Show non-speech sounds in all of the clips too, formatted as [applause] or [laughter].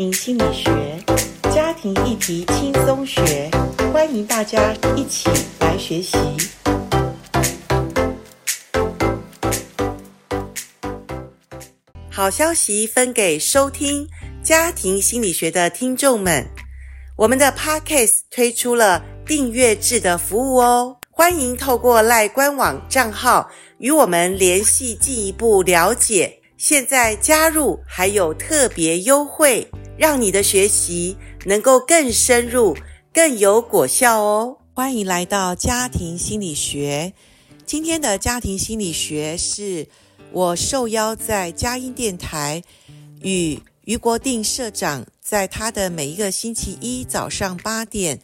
聽心理學，家庭議題輕鬆學，歡迎大家一起來學習。好消息分給收聽家庭心理學的聽眾們，我們的 Podcast 推出了訂閱制的服務哦，歡迎透過賴官網賬號與我們聯繫進一步了解。現在加入還有特別優惠，讓你的學習能夠更深入、更有果效哦！歡迎來到家庭心理學。今天的家庭心理學是我受邀在佳音電台與俞國定社長，在他的每一個星期一早上八點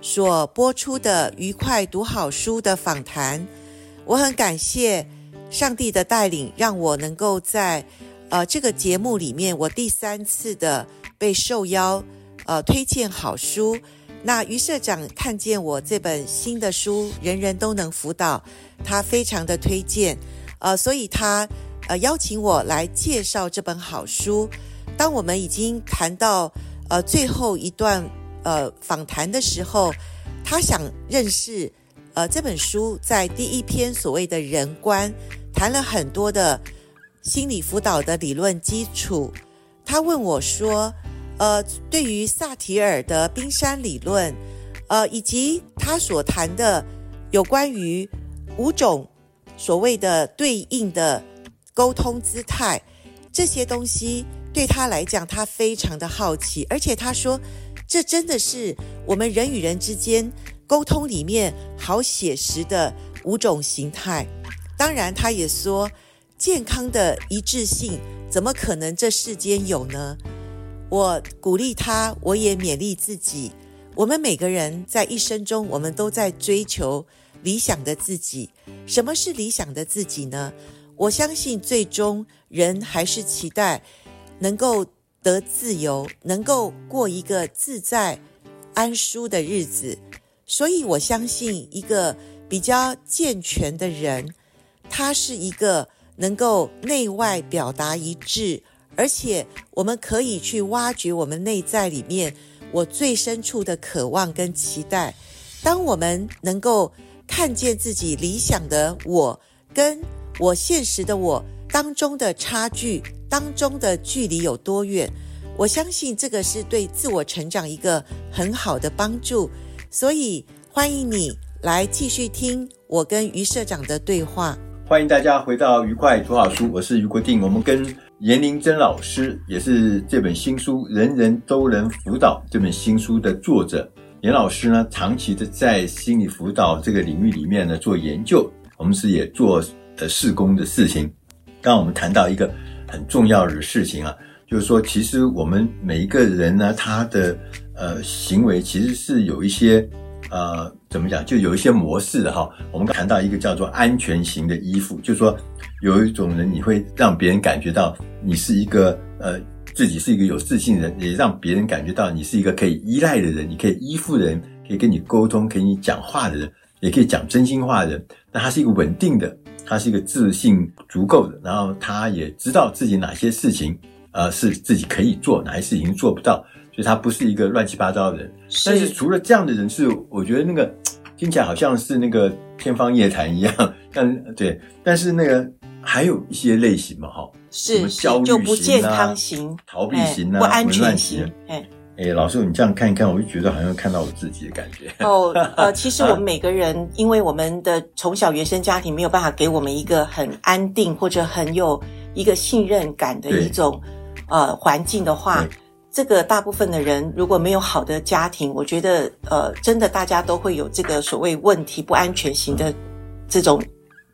所播出的俞快讀好書的訪談。我很感謝。上帝的帶領讓我能夠在，呃，這個節目裡面，我第三次的被受邀，呃，推薦好書。那俞社長看見我這本新的書《人人都能輔導》，他非常的推薦，呃，所以他呃邀請我來介紹這本好書。當我們已經談到呃最後一段呃訪談的時候，他想認識呃這本書在第一篇所謂的人觀。談了很多的心理輔導的理論基礎，他問我說：“呃，對於薩提爾的冰山理論，呃，以及他所談的有關於五種所謂的對應的溝通姿態，這些東西對他來講，他非常的好奇，而且他說，這真的是我們人與人之間溝通裡面好寫實的五種形態。”當然，他也說，健康的一致性怎麼可能這世間有呢？我鼓勵他，我也勉勵自己。我們每個人在一生中，我們都在追求理想的自己。什麼是理想的自己呢？我相信，最終人還是期待能夠得自由，能夠過一個自在、安舒的日子。所以我相信，一個比較健全的人，它是一個能夠內外表達一致，而且我們可以去挖掘我們內在裡面我最深處的渴望跟期待。當我們能夠看見自己理想的我跟我現實的我當中的差距，當中的距離有多遠，我相信這個是對自我成長一個很好的幫助。所以歡迎你來繼續聽我跟俞社長的對話。歡迎大家回到俞快讀好書，我是俞國定。我們跟延玲珍老師，也是這本新書《人人都能輔導》這本新書的作者延老師呢，長期的在心理輔導這個領域裡面呢做研究，同時也做呃事工的事情。剛剛我們談到一個很重要的事情啊，就是說，其實我們每一個人呢，他的呃行為其實是有一些。呃，怎麼講？就有一些模式的哈。我們剛剛談到一個叫做安全型的依附，就是說有一種人，你會讓別人感覺到你是一個呃自己是一個有自信的人，也讓別人感覺到你是一個可以依賴的人，你可以依附的人，可以跟你溝通，可以講話的人，也可以講真心話的人。那他是一個穩定的，他是一個自信足夠的，然後他也知道自己哪些事情呃是自己可以做，哪些事情做不到。所以他不是一個亂七八糟的人，是但是除了這樣的人是，我覺得那個聽起來好像是那個天方夜譚一樣。但對，但是那個還有一些類型嘛，哈是，就不焦慮型、啊、型逃避型、啊、哎、不安全型。型哎，哎老師，你這樣看一看，我就覺得好像看到我自己的感覺。哦呃，其實我們每個人，啊、因為我們的從小原生家庭沒有辦法給我們一個很安定或者很有一個信任感的一種對呃環境的話。這個大部分的人，如果沒有好的家庭，我覺得呃，真的大家都會有這個所謂問題，不安全型的這種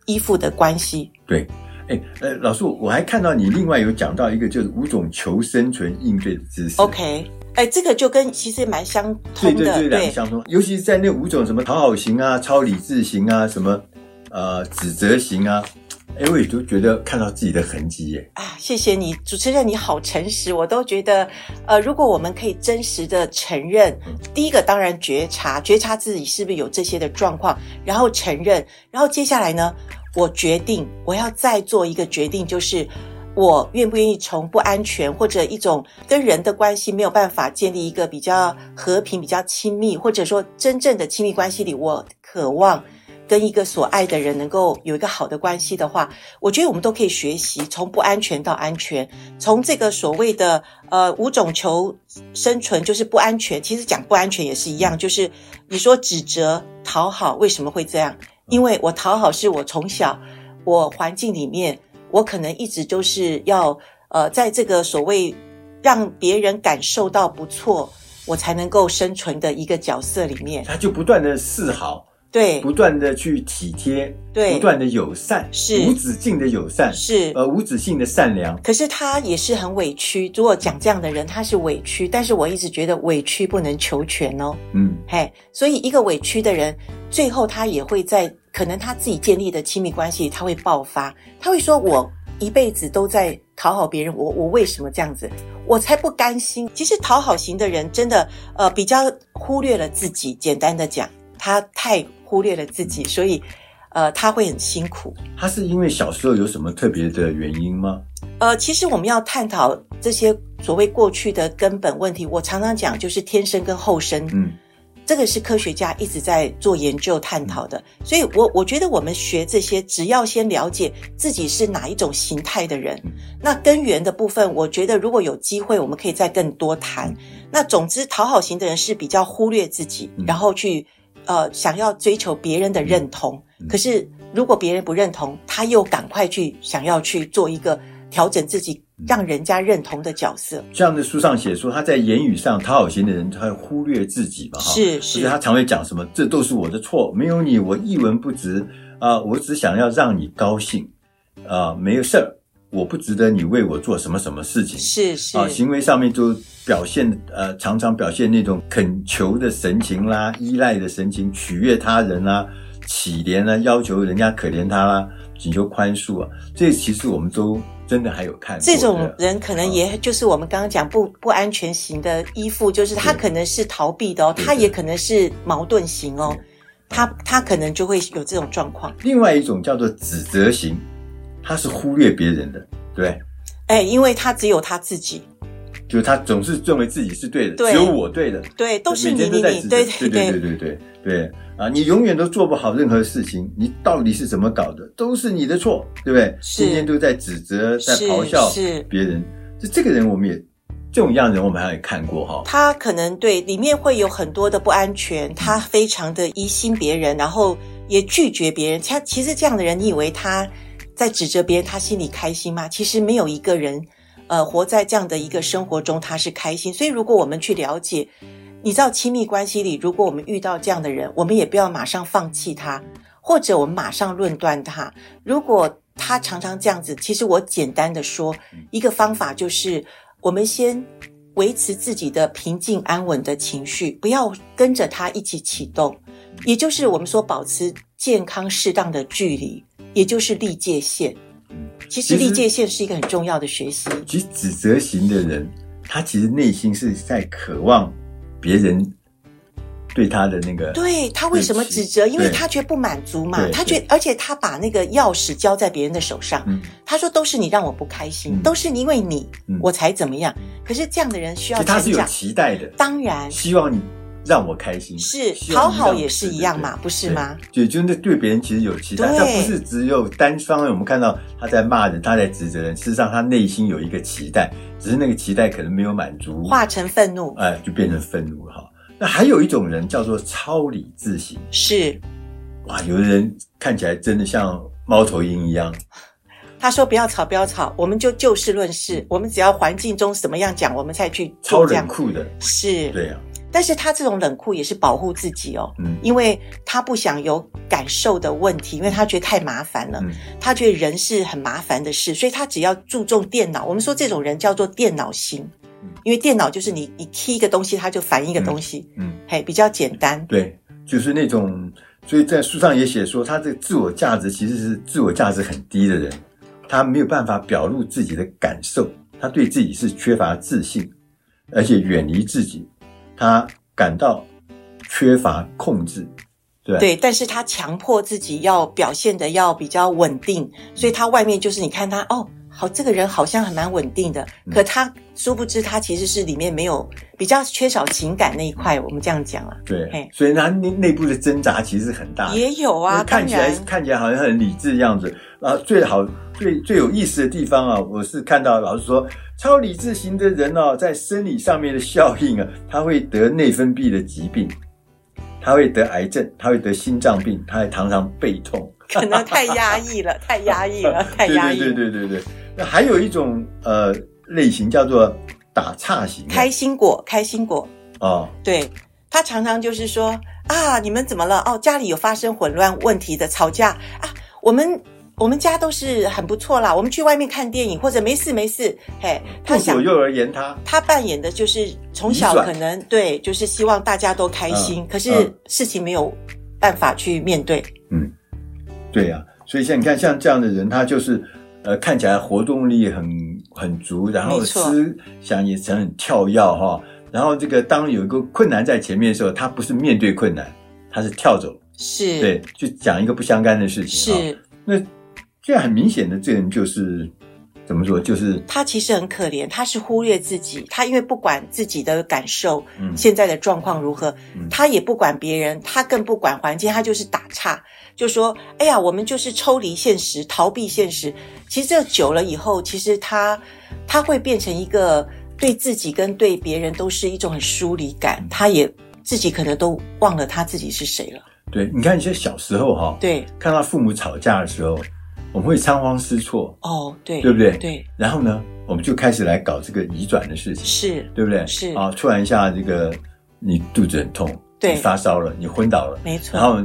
依附的關係。嗯、對，誒呃，老師，我還看到你另外有講到一個，就是五種求生存應對的姿態。OK，誒這個就跟其實也蠻相通的，對對對，兩個相通。對尤其是在那五種什麼討好型啊、超理智型啊、什麼呃指責型啊。哎，我也就覺得看到自己的痕跡耶！啊，謝謝你，主持人，你好誠實。我都覺得，呃，如果我們可以真實的承認，嗯、第一個當然覺察，覺察自己是不是有這些的狀況，然後承認，然後接下來呢，我決定我要再做一個決定，就是我願不願意從不安全或者一種跟人的關係沒有辦法建立一個比較和平、比較親密，或者說真正的親密關係裡，我渴望。跟一個所愛的人能夠有一個好的關係的話，我覺得我們都可以學習從不安全到安全，從這個所謂的呃五種求生存就是不安全。其實講不安全也是一樣，就是你說指責討好為什麼會這樣？因為我討好是我從小我環境裡面，我可能一直就是要呃在這個所謂讓別人感受到不錯，我才能夠生存的一個角色裡面，他就不斷的示好。對，不斷的去體貼，對，不斷的友善，是無止境的友善，是呃無止境的善良。可是他也是很委屈。如果講這樣的人，他是委屈，但是我一直覺得委屈不能求全哦。嗯，嘿，所以一個委屈的人，最後他也會在可能他自己建立的親密關係，他會爆發，他會說：“我一輩子都在討好別人，我我為什麼這樣子？我才不甘心。”其實討好型的人真的呃比較忽略了自己。簡單的講。他太忽略了自己，所以，呃，他會很辛苦。他是因為小時候有什麼特別的原因嗎？呃，其實我們要探討這些所謂過去的根本問題，我常常講就是天生跟後生，嗯，這個是科學家一直在做研究探討的。所以我，我我覺得我們學這些，只要先了解自己是哪一種形態的人，嗯、那根源的部分，我覺得如果有機會，我們可以再更多談。那總之，討好型的人是比較忽略自己，嗯、然後去。呃，想要追求別人的認同，嗯嗯、可是如果別人不認同，他又趕快去想要去做一個調整自己，讓人家認同的角色。像這樣的書上寫說，他在言語上討好型的人，他會忽略自己吧？是是，他常會講什麼？這都是我的錯，沒有你我一文不值啊、呃！我只想要讓你高興啊、呃，沒有事兒。我不值得你為我做什麼什麼事情是是啊，呃，行為上面都表現呃，常常表現那種懇求的神情啦，啊，依賴的神情，取悅他人啦，啊，乞憐啦，要求人家可憐他啦，啊，請求寬恕啊，這其實我們都真的還有看。這種人可能也就是我們剛剛講不，哦，不安全型的依附，就是他可能是逃避的哦，對他也可能是矛盾型哦，他他可能就會有這種狀況。另外一種叫做指責型。他是忽略別人的，對。哎、欸，因為他只有他自己，就是他總是認為自己是對的，對只有我對的，對，都是你你，你對。指責，對對對對對對啊！你永遠都做不好任何事情，你到底是怎麼搞的？都是你的錯，對不對？是，天天都在指責，在咆哮別是，是別人。就這個人，我們也這種樣的人，我們還有看過哈。他可能對裡面會有很多的不安全，他非常的疑心別人，然後也拒絕別人。他其實這樣的人，你以為他？在指責別人，他心裡開心嗎？其實沒有一個人，呃，活在這樣的一個生活中，他是開心。所以，如果我們去了解，你知道，親密關係裡，如果我們遇到這樣的人，我們也不要馬上放棄他，或者我們馬上論斷他。如果他常常這樣子，其實我簡單的說一個方法，就是我們先維持自己的平靜安穩的情緒，不要跟着他一起啟動，也就是我們說保持健康適當的距離。也就是立界線，其實立界線是一個很重要的學習其。其實指責型的人，他其實內心是在渴望別人對他的那個。對他為什麼指責？對因為他覺得不滿足嘛，對他覺對而且他把那個鑰匙交在別人的手上。他說：“都是你讓我不開心，嗯、都是因為你、嗯、我才怎麼樣。”可是這樣的人需要，他是有期待的，當然希望你。讓我開心是討好也是一樣嘛，不是嗎？對,對，就是對別人其實有期待，他對不是只有單方。我們看到他在罵人，他在指責人，事實上他內心有一個期待，只是那個期待可能沒有滿足，化成憤怒，哎、呃，就變成憤怒了哈。那還有一種人叫做超理智型，是哇，有的人看起來真的像貓頭鷹一樣。他說：“不要吵，不要吵，我們就就事論事，我們只要環境中什麼樣講，我們才去做這樣。超冷酷的是對呀、啊。但是他這種冷酷也是保護自己哦，嗯，因為他不想有感受的問題，因為他覺得太麻煩了，嗯、他覺得人是很麻煩的事，所以他只要注重電腦。我們說這種人叫做電腦型，嗯、因為電腦就是你你 key 一個東西，他就反應一個東西，嗯，嗯嘿，比較簡單。對，就是那種，所以在書上也寫說，他這個自我價值其實是自我價值很低的人，他沒有辦法表露自己的感受，他對自己是缺乏自信，而且遠離自己。他感到缺乏控制，對，對，但是他強迫自己要表現的要比較穩定，所以他外面就是你看他，哦。好，這個人好像還蠻穩定的，可他、嗯、殊不知，他其實是裡面沒有比較缺少情感那一塊。我們這樣講啊，對，嘿所以呢，內內部的掙扎其實很大，也有啊。看起來然看起來好像很理智的樣子啊。最好最最有意思的地方啊，我是看到老師說，超理智型的人哦、啊，在生理上面的效應啊，他會得內分泌的疾病，他會得癌症，他會得心臟病，他還常常背痛。可能太壓抑了， [laughs] 太壓抑了，太壓抑了，太壓抑了。對對，對對對對對。還有一種呃類型叫做打岔型，開心果，開心果啊，哦、對他常常就是說啊，你們怎麼了？哦，家裡有發生混亂問題的吵架啊，我們我們家都是很不錯啦。我們去外面看電影或者沒事沒事，嘿，他想左右而言，他，他扮演的就是從小可能轉對，就是希望大家都開心，嗯、可是事情沒有辦法去面對，嗯，對呀、啊，所以像你看像這樣的人，他就是。呃，看起來活動力很很足，然後思想也成很跳躍哈、哦。然後這個當有一個困難在前面的時候，他不是面對困難，他是跳走，是對，就講一個不相干的事情。是，哦、那這樣很明顯的，這個人就是。怎麼說？就是他其實很可憐，他是忽略自己，他因為不管自己的感受，嗯、現在的狀況如何，嗯、他也不管別人，他更不管環境，他就是打岔，就說：“哎呀，我們就是抽離現實，逃避現實。”其實這久了以後，其實他他會變成一個對自己跟對別人都是一種很疏離感，嗯、他也自己可能都忘了他自己是誰了。對，你看一些小時候哈、哦，對，看到父母吵架的時候。我們會倉皇失措哦，對，對不對？對，然後呢，我們就開始來搞這個移轉的事情，是對不對？是啊，突然一下，這個你肚子很痛，對，發燒了，你昏倒了，沒錯。然後，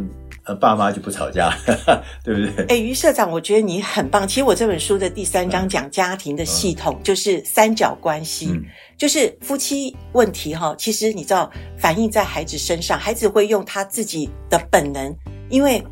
呃，爸媽就不吵架了，對不對？哎，俞社長，我覺得你很棒。其實我這本書的第三章講家庭的系統，就是三角關係，就是夫妻問題哈。其實你知道，反應在孩子身上，孩子會用他自己的本能，因為。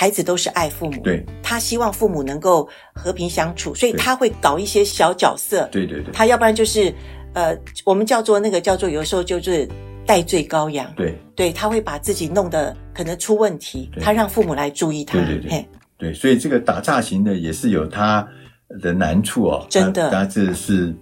孩子都是愛父母，對，他希望父母能夠和平相處，所以他會搞一些小角色，對對對，他要不然就是，呃，我們叫做那個叫做，有時候就是代罪羔羊，對，對他會把自己弄得可能出問題，對他讓父母來注意他，對對對,嘿對，所以這個打岔型的也是有他的難處哦，真的，大致是。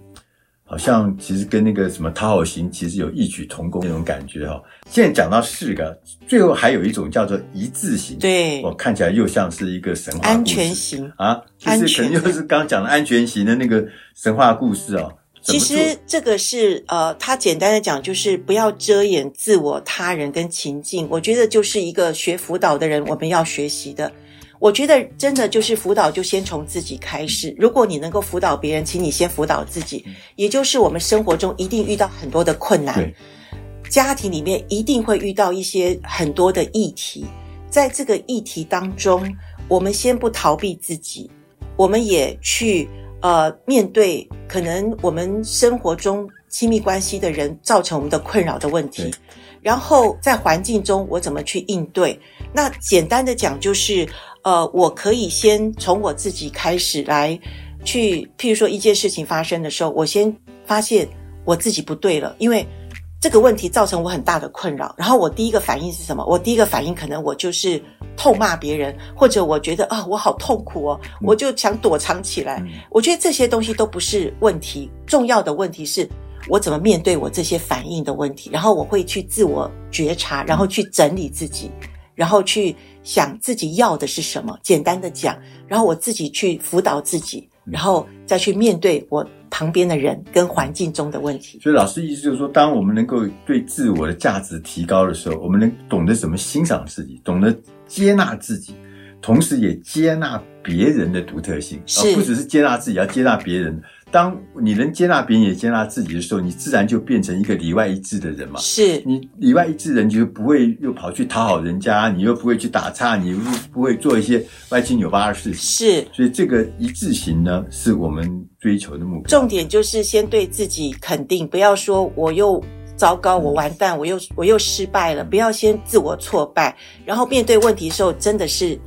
好像其實跟那個什麼討好型其實有異曲同工那種感覺哈、哦。現在講到四個，最後還有一種叫做一致型，對，我看起來又像是一個神話安全型啊。其實安全可能就是剛剛講的安全型的那個神話故事哦。其實這個是呃，它簡單的講就是不要遮掩自我、他人跟情境，我覺得就是一個學輔導的人我們要學習的。我覺得真的就是輔導，就先從自己開始。如果你能夠輔導別人，請你先輔導自己。也就是我們生活中一定遇到很多的困難，家庭裡面一定會遇到一些很多的議題。在這個議題當中，我們先不逃避自己，我們也去呃面對可能我們生活中親密關係的人造成我們的困擾的問題。然後在環境中，我怎麼去應對？那簡單的講，就是。呃，我可以先從我自己開始來去，譬如說一件事情發生的時候，我先發現我自己不對了，因為這個問題造成我很大的困擾。然後我第一個反應是什麼？我第一個反應可能我就是痛罵別人，或者我覺得啊、哦，我好痛苦哦，我就想躲藏起來。我覺得這些東西都不是問題，重要的問題是，我怎麼面對我這些反應的問題？然後我會去自我覺察，然後去整理自己，然後去。想自己要的是什麼？簡單的講，然後我自己去輔導自己，然後再去面對我旁邊的人跟環境中的問題。嗯、所以老師意思就是說，當我們能夠對自我的價值提高的時候，我們能懂得怎麼欣賞自己，懂得接納自己，同時也接納。別人的獨特性是、呃，不只是接納自己，要接納別人。當你能接納別人也接納自己的時候，你自然就變成一個裡外一致的人嘛。是，你裡外一致人，就不會又跑去討好人家，你又不會去打岔，你又不會做一些歪七扭八的事情。是，所以這個一致型呢，是我們追求的目標。重點就是先對自己肯定，不要說我又糟糕，我完蛋，我又我又失敗了，不要先自我挫敗，然後面對問題的時候真的是。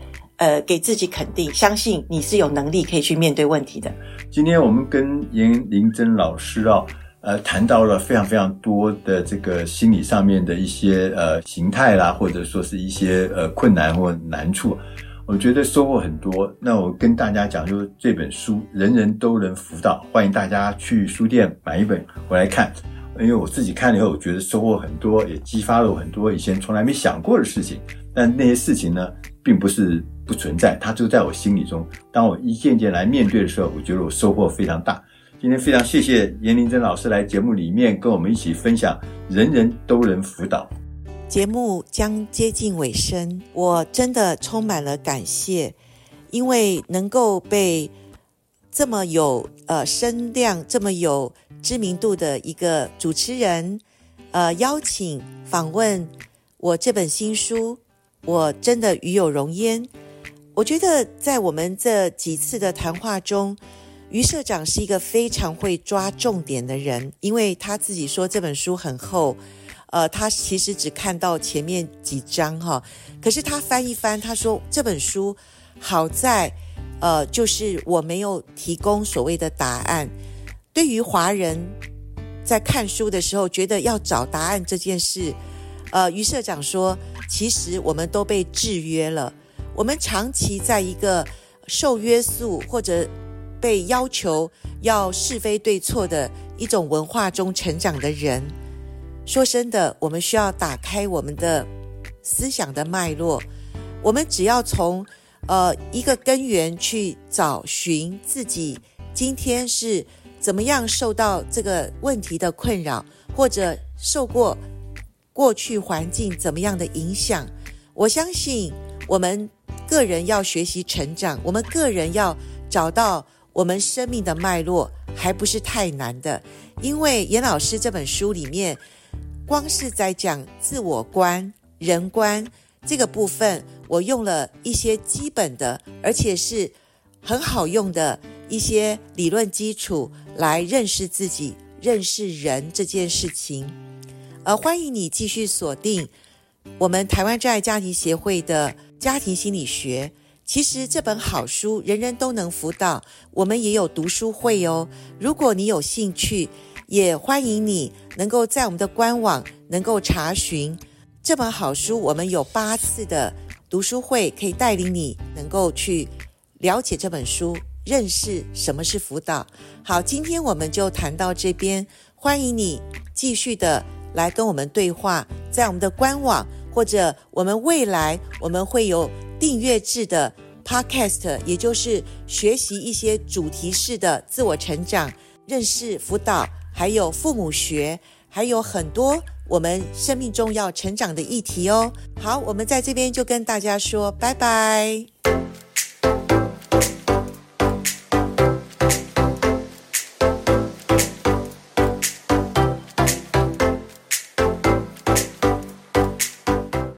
呃，給自己肯定，相信你是有能力可以去面對問題的。今天我們跟延玲珍老師啊，呃，談到了非常非常多的這個心理上面的一些呃形態啦，或者說是一些呃困難或難處，我覺得收穫很多。那我跟大家講，就是這本書人人都能輔導，歡迎大家去書店買一本回來看，因為我自己看了以後我覺得收穫很多，也激發了我很多以前從來沒想過的事情。但那些事情呢，並不是。不存在，它就在我心裡中。當我一件件來面對的時候，我覺得我收穫非常大。今天非常謝謝延玲珍老師來節目裡面跟我們一起分享《人人都能輔導》。節目將接近尾聲，我真的充滿了感謝，因為能夠被這麼有呃聲量、這麼有知名度的一個主持人呃邀請訪問我這本新書，我真的與有榮焉。我覺得在我們這幾次的談話中，俞社長是一個非常會抓重點的人，因為他自己說這本書很厚，呃，他其實只看到前面幾章哈，可是他翻一翻，他說這本書好在，呃，就是我沒有提供所謂的答案。對於華人在看書的時候覺得要找答案這件事，呃，俞社長說，其實我們都被制約了。我們長期在一個受約束或者被要求要是非對錯的一種文化中成長的人，說真的，我們需要打開我們的思想的脈絡。我們只要從呃一個根源去找尋自己今天是怎麼樣受到這個問題的困擾，或者受過過去環境怎麼樣的影響。我相信我們。個人要學習成長，我們個人要找到我們生命的脈絡，還不是太難的。因為延老師這本書裡面，光是在講自我觀、人觀這個部分，我用了一些基本的，而且是很好用的一些理論基礎來認識自己、認識人這件事情。呃，歡迎你繼續鎖定我們台灣真愛家庭協會的。家庭心理學，其實這本好書人人都能輔導。我們也有讀書會哦，如果你有興趣，也歡迎你能夠在我們的官網能夠查詢這本好書。我們有八次的讀書會，可以帶領你能夠去了解這本書，認識什麼是輔導。好，今天我們就談到這邊，歡迎你繼續的來跟我們對話，在我們的官網。或者我們未來，我們會有訂閱制的 Podcast，也就是學習一些主題式的自我成長、認識輔導，還有父母學，還有很多我們生命中要成長的議題哦。好，我們在這邊就跟大家說，拜拜。